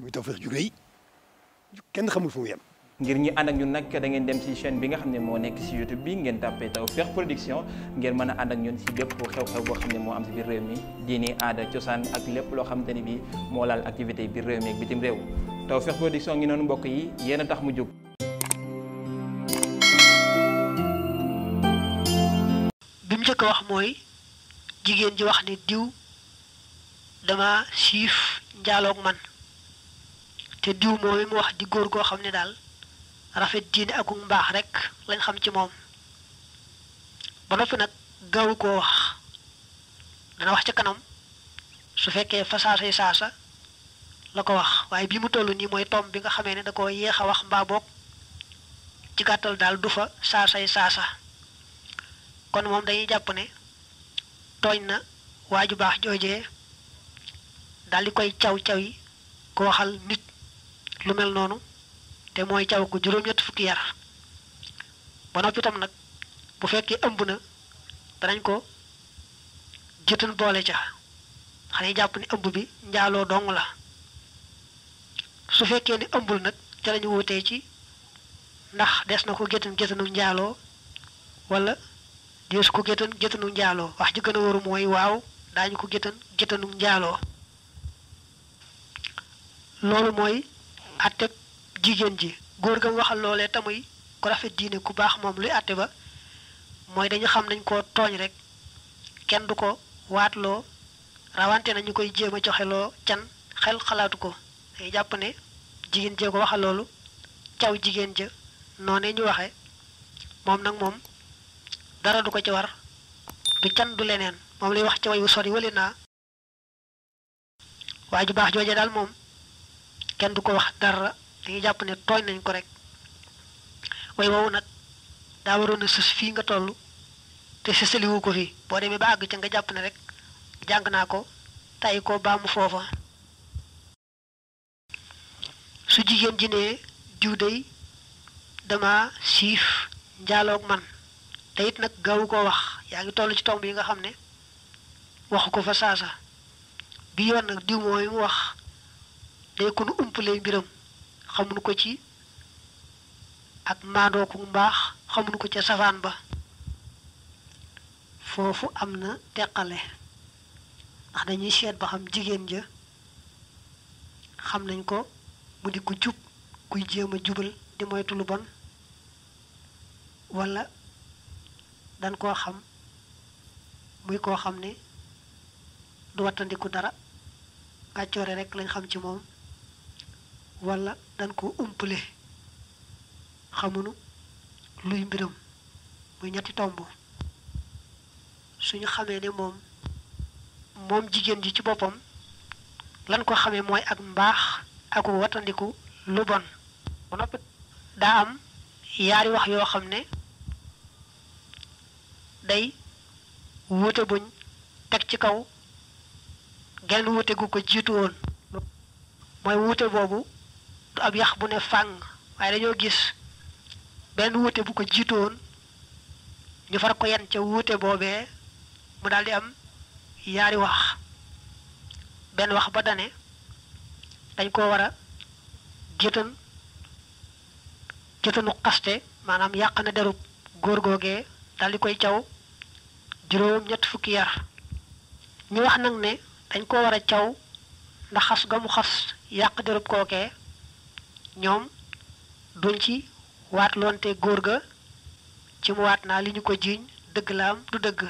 muy Tawfekh ju rëy kenn xamul fu mu ngir ñi ànd ak ñun nag dangeen dem ci chaîne bi nga xam ne moo nekk ci YouTube bi ngeen tàppee Tawfekh Production ngeen mën a ànd ak ñun ci bépp xew-xew boo xam ne moo am ci biir réew mi diini aada cosaan ak lépp loo xamante ni bi moo laal activité biir réew mi ak bitim réew Tawfekh Production ngi noonu mbokk yi yéen a tax mu jóg. bi mu njëkk wax mooy jigéen ji wax ne diw dama siif njaaloog man. te diw moom mu wax di góor koo xam ne daal rafet diine ak mbaax rek lañ xam ci moom ba noppi nag gaawu koo wax dana wax ci kanam su fekkee fa saasay saasa la ko wax waaye bi mu toll nii mooy tom bi nga xamee ne da ko yéex a wax mbaa boog ci gàttal daal du fa saasay saasa kon moom dañuy jàpp ne tooñ na waa ju baax joojee daal koy caw caw yi waxal nit lu mel noonu te mooy caw ko juróom fukki yar ba noppi nag bu fekkee ëmb na danañ ko jëtan boole ca xanaa jàpp ni ëmb bi njaaloo dong la su fekkee ni ëmbul nag ca lañu wutee ci ndax des na ko géttan géttanu njaaloo wala dees ko géttan géttanu njaaloo wax ji gën a waru mooy waaw daañu ko géttan géttanu njaaloo loolu mooy atteb jigéen ji góor gam waxal loole tamuy ku rafet diine ku baax moom luy atte ba mooy dañu xam nañ ko tooñ rek kenn du ko waatloo rawante nañu koy jéem a joxeloo can xel xalaatu ko day jàpp ne jigéen jee ko waxal loolu caw jigéen ja noonee ñu waxe moom nag moom dara du ko ci war du can du leneen moom lay wax ci way wu sori wali waa ju baax jooje daal moom kenn du ko wax dara dañuy jàpp ne tooñ nañ ko rek way woowu nag daa waroon a sës fii nga toll te sësaliwu ko fii boo demee ba àgg ca nga jàpp ne rek jàng naa ko tàyyi ko baamu foofa su jigéen ji ne diw dey dama siif njaaloog man te nag gaawu ko wax yaa ngi toll ci tomb yi nga xam ne waxu ko fa saasa bi yoon nag diw mooy mu wax te ku nu umpalee mbiram xamuñu ko ci ak maandooku mbaax xamuñu ko ca safaan ba foofu am na teqale ndax dañuy seet ba xam jigéen ja xam nañ ko mu di ko jub kuy jéem a jubal di moytu bon wala dañ koo xam muy koo xam ni du wattandiku dara gàccoore rek lañ xam ci moom wala dañ ko umpale xamunu luy mbiram muy ñetti tomb suñu xamee ne moom moom jigéen ji ci boppam lan ko xamee mooy ak mbaax ak watandiku lu bon ba noppi daa am yaari wax yoo xam ne day wuute buñ teg ci kaw genn wuute gu ko jiitu woon mooy wuute boobu du ab yax bu ne fàng waaye dañoo gis benn wuute bu ko jiitoon ñu far ko yan ca wuute boobee mu daal di am yaari wax benn wax ba dane dañ koo war a gétan gétanu xaste maanaam yàq na derub góor googee daal di koy caw juróom ñett fukki yar ñu wax nag ne dañ koo war a caw ndax xas ga mu xas yàq derub kookee ñoom duñ ci waatloonte góor ga ci mu waat naa li ñu ko jiiñ dëgg laam du dëgg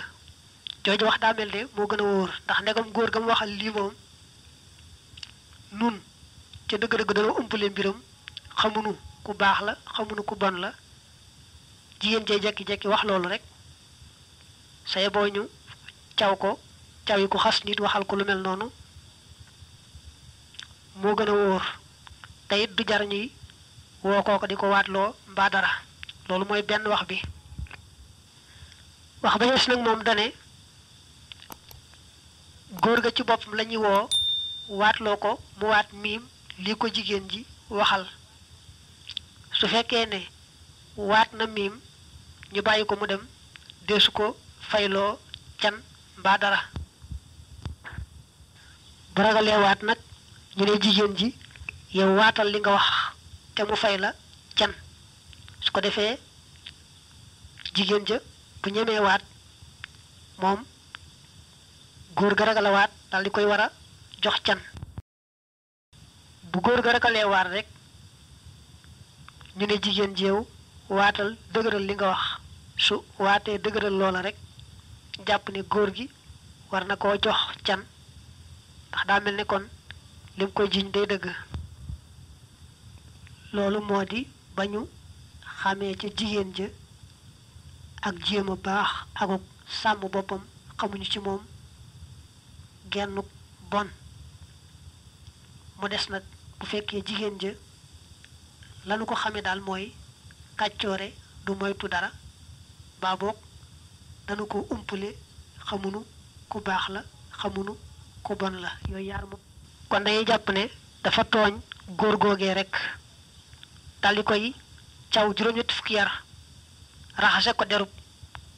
jooju wax daa mel ne moo gën a wóor ndax ndegam góor ga mu waxal lii moom nun ca dëgg-dëgg dañoo umpale mbiram xamunu ku baax la xamunu ku bon la jigéen jee jekki-jekki wax loolu rek say boo ñu caw ko caw yi ku xas nit waxal ko lu mel noonu moo gën a wóor te du jar ñuy woo kooko di ko waatloo mbaa dara loolu mooy benn wax bi wax ba ñes nag moom dane góor ga ci boppam lañuy woo waatloo ko mu waat miim li ko jigéen ji waxal su fekkee ne waat na miim ñu bàyyi ko mu dem deesu ko fayloo can mbaa dara bu ragalee waat nag ñu ne jigéen ji yow waatal li nga wax te mu fay la can su ko defee jigéen ja bu ñemee waat moom góor ga ragal a waat daal koy war a jox can bu góor ga ragalee waat rek ñu ne jigéen ji yow waatal dëgëral li nga wax su waatee dëgëral loola rekk jàpp ne góor gi war na koo jox can ndax daa mel ne lim koy jiiñ day dëgg loolu moo di ba ñu xamee ca jigéen jë ak jéem a baax ak sàmm boppam xamuñu ci moom gennuk bon mu des nag bu fekkee jigéen jë lanu ko xamee daal mooy kàccoore du moytu dara baa boog danu ko umpale xamunu ku baax la xamunu ku bon la yooyu yaar kon dañuy jàpp ne dafa tooñ góor googee rekk daldi koy caw juróom-ñetti fukki yar raxase ko derub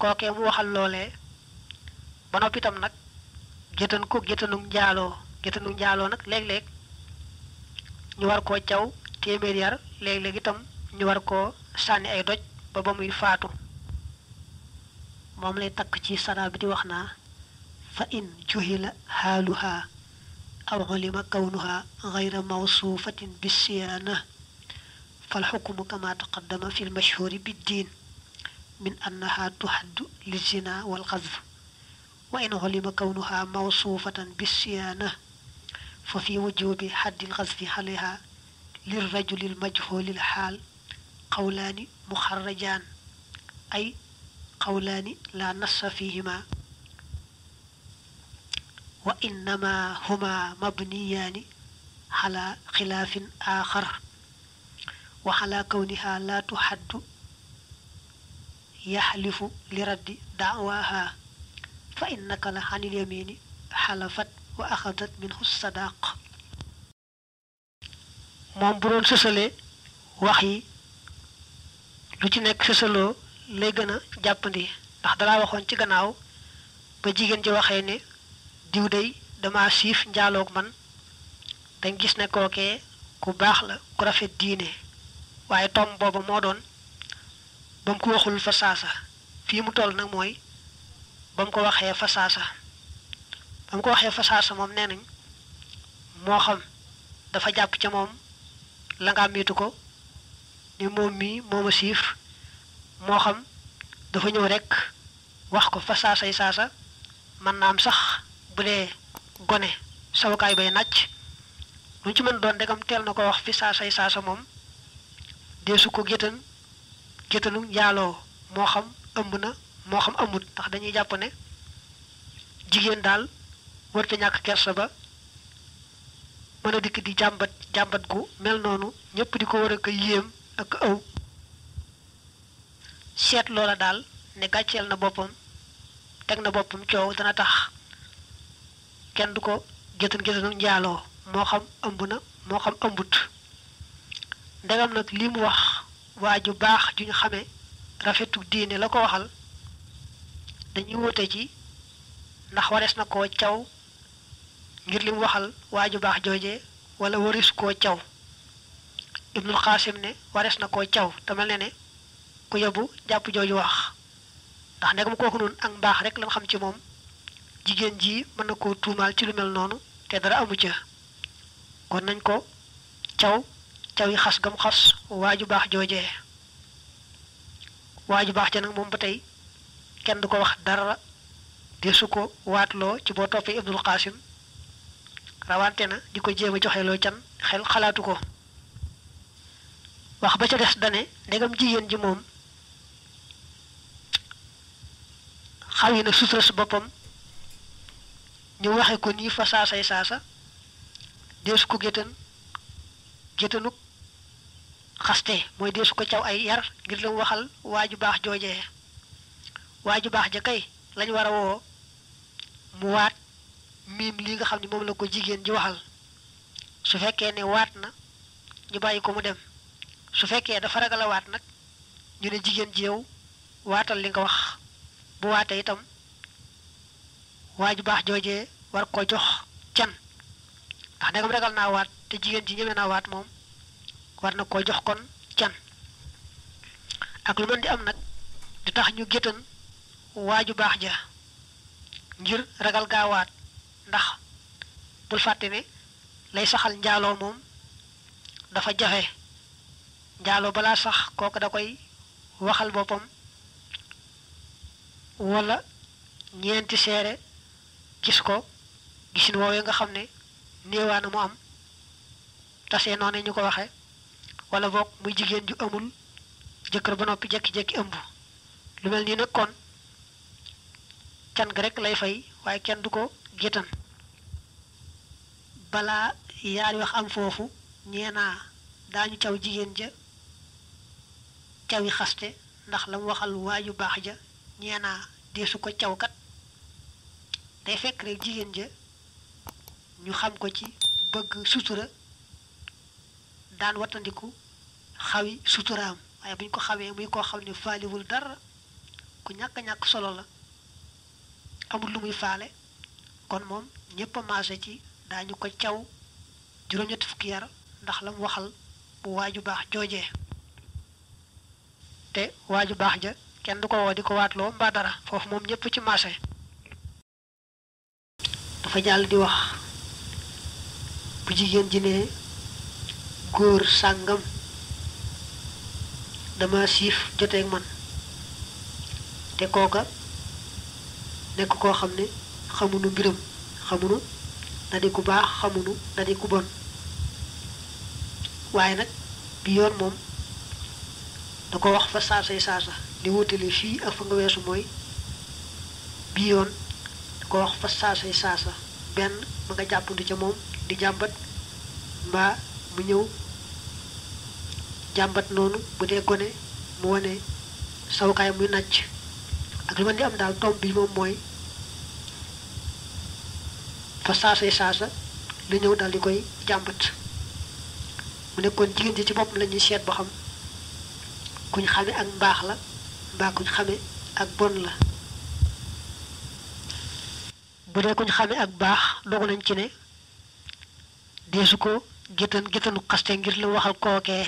kookee mu waxal loolee ba noppitam nag géttan ko géttanum njaaloo géttanum njaaloo nag léeg-léeg ñu war koo caw téeméer yar léeg-léeg itam ñu war koo sànni ay doj ba ba muy faatu moom lay takk ci sanaa bi di wax naa fa in juhila xaaluha aw xulima kawnuha gayra mawsuufatin bisiyaana fal xukmu kama taqaddama fi lmashhuri biddiin min annaha tuhaddu lizina walxazf wa in xulima kawnuha mawsuufatan bisiyaana fa fi wujubi xaddi lxazfi xaleha lirrajuli lmajhuli lxaal qawlaani muxarrajaan ay qawlaani laa nassa fihima wa innama huma mabniyaani xala xilaafin aaxar waxalaa kawnihaa laa tuxaddu yaxlifu li la anil yamini xalafat moom bu doon sësalee wax yi lu ci nekk sësaloo lay gën a jàppandi ndax dalaa waxoon ci gannaaw ba jigéen ji waxee ne diw day dama siif njaaloog man dañ gis ne kookee ku baax la ku rafet diine waaye tom booba moo doon ba mu ko waxul fa saasa fii mu toll nag mooy ba mu ko waxee fa saasa ba mu ko waxee fa saasa moom nee nañ moo xam dafa jàpp ca moom la nga miitu ko ni moom mii mooma siif moo xam dafa ñëw rekk wax ko fa saasay saasa mën naa am sax bu dee gone sawukaay bay nàcc lu ci mën doon ndegam teel na ko wax fi saasay saasa moom deesu ko géttan géttanum njaaloo moo xam ëmb na moo xam amut ndax dañuy jàpp ne jigéen daal warta ñàkk kersa ba mën a dikk di jàmbat jàmbat gu mel noonu ñëpp di ko war a ko yéem ak aw seet loola daal ne gàcceel na boppam teg na boppam coow dana tax kenn du ko géttan géttanum njaaloo moo xam ëmb na moo xam ëmbut ndegam nag li mu wax waa ju baax ju ñu xamee rafetu diine la ko waxal dañuy wute ci ndax warees na koo caw ngir li waxal waa ju baax jooje wala waris koo caw ibnul xaasim ne warees na koo caw te mel ne ne ku yebu jàpp jooju wax ndax ndegam kooku noonu ak mbaax rek lañ xam ci moom jigéen ji mën na ko tuumaal ci lu mel noonu te dara amu ca kon nañ ko caw cawi xas gam xas waaju baax joojee waaju baax ja nag moom ba tey kenn du ko wax dara de su ko waatloo ci boo toppee Ibnul Qasim rawante na di ko jéem a loo can xel xalaatu ko wax ba ca des dane ndegam jigéen ji moom xaw yi na sutura su boppam ñu waxe ko nii fa saasay saasa deesu ko géttan géttanuk xaste mooy dee su ko caw ay yar ngir la mu waxal ju baax jooje waa ju baax ja kay lañ war a woo mu waat miim lii nga xam ne moom la ko jigéen ji waxal su fekkee ne waat na ñu bàyyi ko mu dem su fekkee dafa ragal a waat nag ñu ne jigéen ji yow waatal li nga wax bu waatee itam waa ju baax jooje war ko jox can ndax dagam ragal naa waat te jigéen ji ñeme naa waat moom war na koo jox kon can ak lu mën di am nag di tax ñu géttan waaju baax ja ngir ragal gaawaat ndax bul fàtte ne lay saxal njaaloo moom dafa jafe njaaloo balaa sax kooku da koy waxal boppam wala ñeenti seere gis ko gisin woowee nga xam ne néewaana mu am tasee noonu ñu ko waxe wala boog muy jigéen ju amul jëkkër ba noppi jekki-jekki ëmb lu mel ni nag kon can ga rek lay fay waaye kenn du ko gétan balaa yaari wax am foofu ñeenaa daañu caw jigéen ja cawi xaste ndax la mu waxal waaju baax ja ñeenaa deesu ko cawkat day fekk rek jigéen ja ñu xam ko ci bëgg sutura daan wattandiku xawi suturaam waaye bu ko xawee muy koo xam ne faaliwul dara ku ñàkk ñàkk solo la amul lu muy faale kon moom ñëpp a ci daañu ko caw juróom-ñetti fukki ndax lam waxal bu waaju baax joojee te waaju baax ja kenn du ko woo di ko waatloo mbaa dara foofu moom ñëpp ci marché dafa jàll di wax bu jigéen ji ne góor sàngam dama siif joteeg man te kooka nekk koo xam ne xamunu mbiram xamunu da ku baax xamunu da ku bon waaye nag bi yoon moom da ko wax fa saasay saasa li wutale fii ak fa nga weesu mooy bi yoon da ko wax fa saasay saasa benn ma nga jàppandu ca moom di jàmbat mbaa mu ñëw jàmbat noonu bu dee gone mu wane sawukaay muy nàcc ak lu ma di am daal tomb bi moom mooy fa saasay saasa lu ñëw daal di koy jàmbat mu nekkoon jigéen ji ci bopp la ñuy seet ba xam kuñ xame ak mbaax la mbaa kuñ xame ak bon la bu dee kuñ xame ak baax dogu nañ ci ne deesu ko géttan géttanu xaste ngir la waxal kookee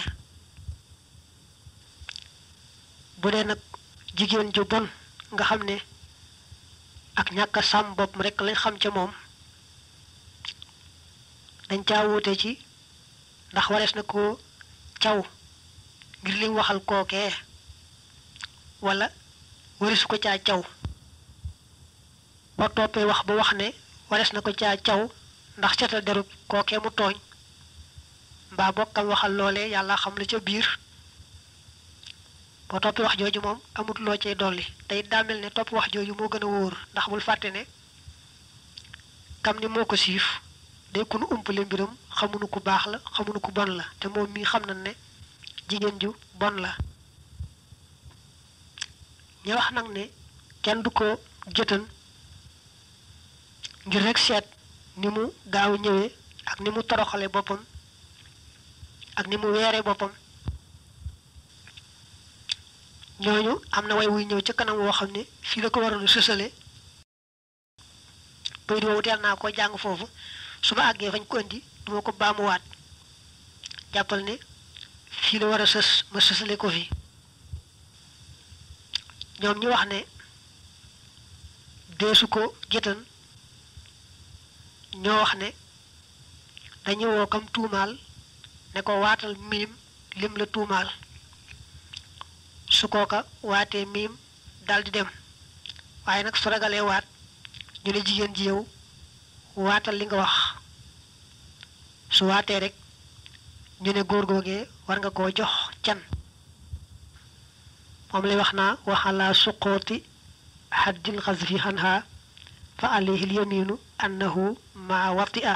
bu nag jigéen ju bon nga xam ne ak ñàkk a sàmm boppam rek lañ xam ca moom dañ caa wuute ci ndax warees na ko caw ngir li waxal kookee wala warisu ko caa caw boo toppee wax ba wax ne warees na ko caa caw ndax setal derub kookee mu tooñ mbaa bokkam waxal loole yàlla xam la ca biir ko toppi wax jooju moom amut loo cay dolli tey daamel ne topp wax jooju moo gën a wóor ndax bul fàtte ne kam ni moo ko siif day ku nu umpale mbiram xamunu ku baax la xamunu ku bon la te moom mii xam na ne jigéen ju bon la ña nag ne kenn du ko jëtan ngir rekk seet ni mu gaaw ñëwe ak ni mu toroxale boppam ak ni mu weere boppam ñooñu am na way wuy ñëw ca kanam woo xam ne fii la ko waroon a sësale bayit woowu teel naa ko jàng foofu su ma àggee fañ ko indi du ko baamuwaat jàppal ne fii la war a sës ma sësale ko fi ñoom ñu wax ne deesu ko gétan ñoo wax ne dañu woo kam tuumaal ne ko waatal miim lim la tuumaal su kooka waatee miim daldi dem waaye nag su ragalee waat ñu ne jigéen ji yow waatal li nga wax su waatee rek ñu ne góor googee war nga koo jox can moom lay wax naa waxalaa suqooti haddil xasfi xanha fa alayhi lyaminu annahu maa wati a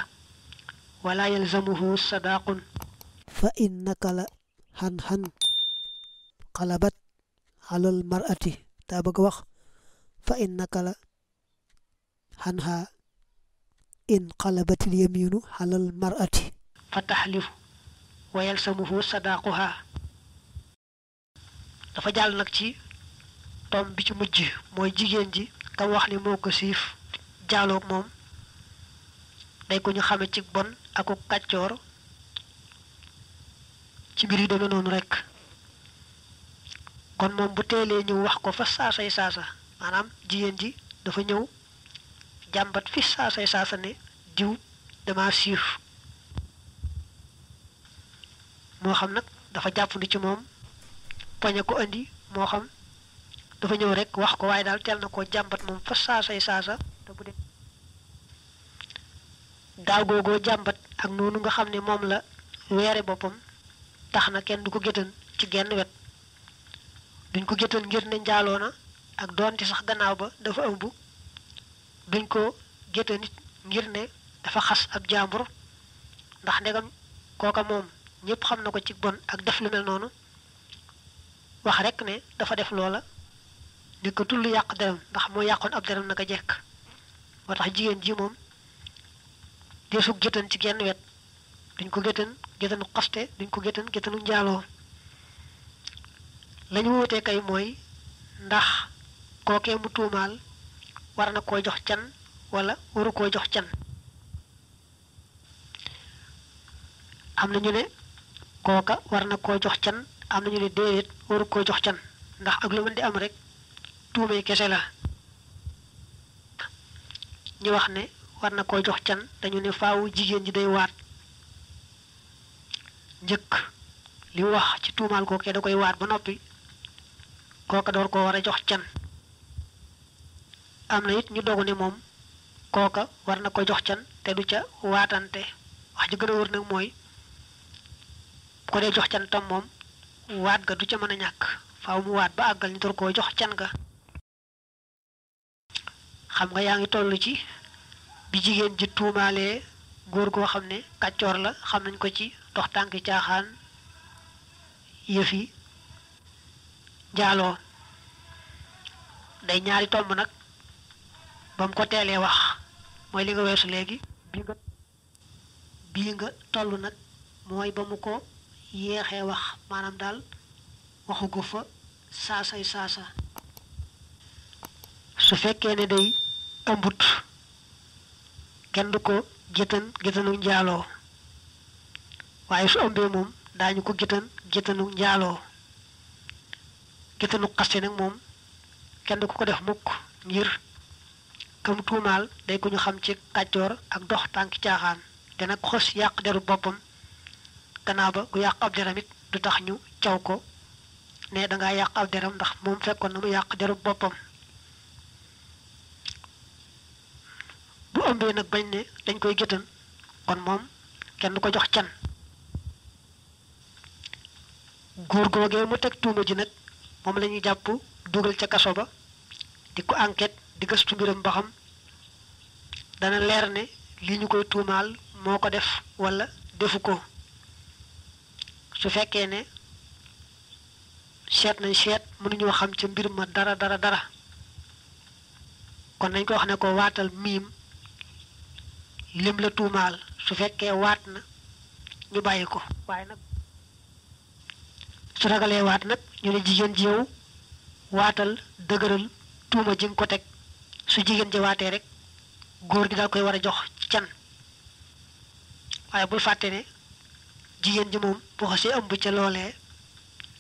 wala yalzamuhu sadaqun fa innaka la xan xan qalabat alal marati daa bëgg wax fa innaka la xanha in qalabatil yaminu alal marati fa taxlifu wa yalsamuhu sadaaquha dafa jàll nag ci tom bi ci mujj mooy jigéen ji kam wax ni moo ko siif jaaloog moom day ko ñu xame ci bon aku kàccoor ci mbir yi demee noonu rekk kon moom bu teelee ñëw wax ko fa saasay saasa maanaam jigéen ji dafa ñëw jàmbat fi saasay saasa ne diw dama siif moo xam nag dafa jàpp ci moom poñe ko indi moo xam dafa ñëw rek wax ko waaye daal teel na koo jàmbat moom fa saasay saasa te bu dee daaw googoo jàmbat ak noonu nga xam ne moom la weere boppam tax na kenn du ko gétan ci genn wet buñ ko gétoon ngir ne na ak doonte sax gannaaw ba dafa ëmb duñ ko gétoon it ngir ne dafa xas ab jàmbur ndax ndegam kooka moom ñëpp xam na ko ci bon ak def lu mel noonu wax rek ne dafa def loola ne ko tullu yàq deram ndax moo yàqoon ab deram ko jekk moo tax jigéen ji moom deesu gétan ci genn wet duñ ko gétan gétanu xaste duñ ko gétan gétanu njaaloo lañu wuutee kay mooy ndax kookee mu tuumaal war na koo jox can walla waru koo jox can am na ñu ne kooka war na koo jox can am na ñu ne déedéet waru koo jox can ndax ak lu mën di am rek tuumee kese la ñu wax ne war na koo jox can dañu ne faawu jigéen ji day waat njëkk li wax ci tuumaal kookee da koy waat ba noppi kooka door ko war a jox can am na it ñu dogu ne moom kooka war na ko jox can te du ca waatante wax ji gën a wër nag mooy bu ko dee jox can tam moom waat ga du ca mën a ñàkk faaw mu waat ba àggal ñu door koo jox can ga xam nga yaa ngi toll ci bi jigéen ji tuumaalee góor goo xam ne kàccoor la xam nañ ko ci dox tànk caaxaan yëf njaaloo day ñaari tomb nag ba mu ko teelee wax mooy li nga weesu léegi nga bii nga toll nag mooy ba mu ko yéexee wax maanaam daal waxu ko fa saasay saasa su fekkee ne day ëmbut kenn du ko géttan géttanu njaaloo waaye su ëmbee moom daañu ko géttan géttanu njaaloo kitanu xaste nag moom kenn ku ko def mukk ngir kam tuumaal day ko ñu xam ci kàccoor ak dox tànk caaxaan te nag xos yàq deru boppam gannaaw ba gu yàq ab deram it du tax ñu caw ko ne dangaa yàq ab deram ndax moom fekkoon na mu yàq deru boppam bu ëmbee nag bañ ne dañ koy géttan kon moom kenn du ko jox can gu googee mu teg tuuma ji nag moom la jàpp dugal ca kaso ba di ko enquête di gëstu mbiram ba xam dana leer ne li ñu koy tuumaal moo ko def wala defu ko su fekkee ne seet nañ seet mënuñoo xam ca mbir ma dara dara dara kon dañ ko wax ne ko waatal miim lim la tuumaal su fekkee waat na ñu bàyyi ko waaye nag su ragalee waat nag ñu ne jigéen ji yow waatal dëgëral tuuma ji ko teg su jigéen ji waatee rek góor gi daal koy war a jox can waaye bul fàtte ne jigéen ji moom boo xasee ëmb ca loolee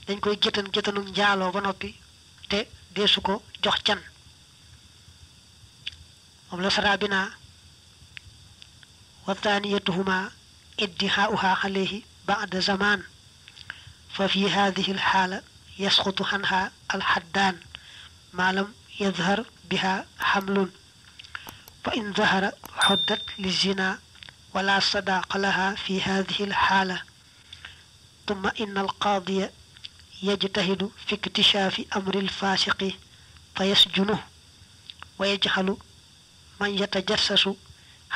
dañ koy géttan géttanu njaaloo ba noppi te deesu ko jox can moom la saraa bi naa wa thaniyatuhuma iddi xaa uhaa xaleehi baada zamaan fa fi haadihi alxaala yasqutu anha alxaddaan maa lam yadhar biha xamlun fa in zahara xuddat li zina wala sadaaqa laha fi haadihi alxaala tumma in alqaadiya yajtahidu fi iktishafi amri alfaasiqi fa yasjunuhu wa yajxalu man yatajassasu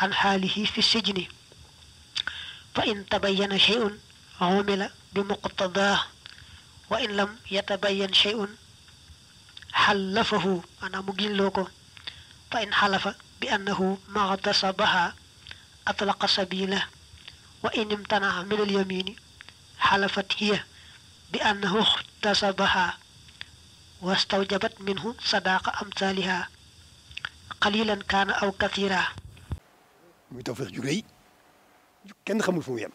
an xaalihi fi sijni fa in tabayyana shay'un umila bi muqtadaa wa in lam yatabayan shay'un xallafahu maanaam mu gilloo ko fa in xalafa bi annahu maxtasabaha atlaqa sabila wa in imtanaa min alyamini xalafat hiya bi annahu ixtasabaha wastawjabat minhu sadaqa amtaliha qalilan kaana aw kathira muy tawfeex ju rëy kenn xamul fu mu yem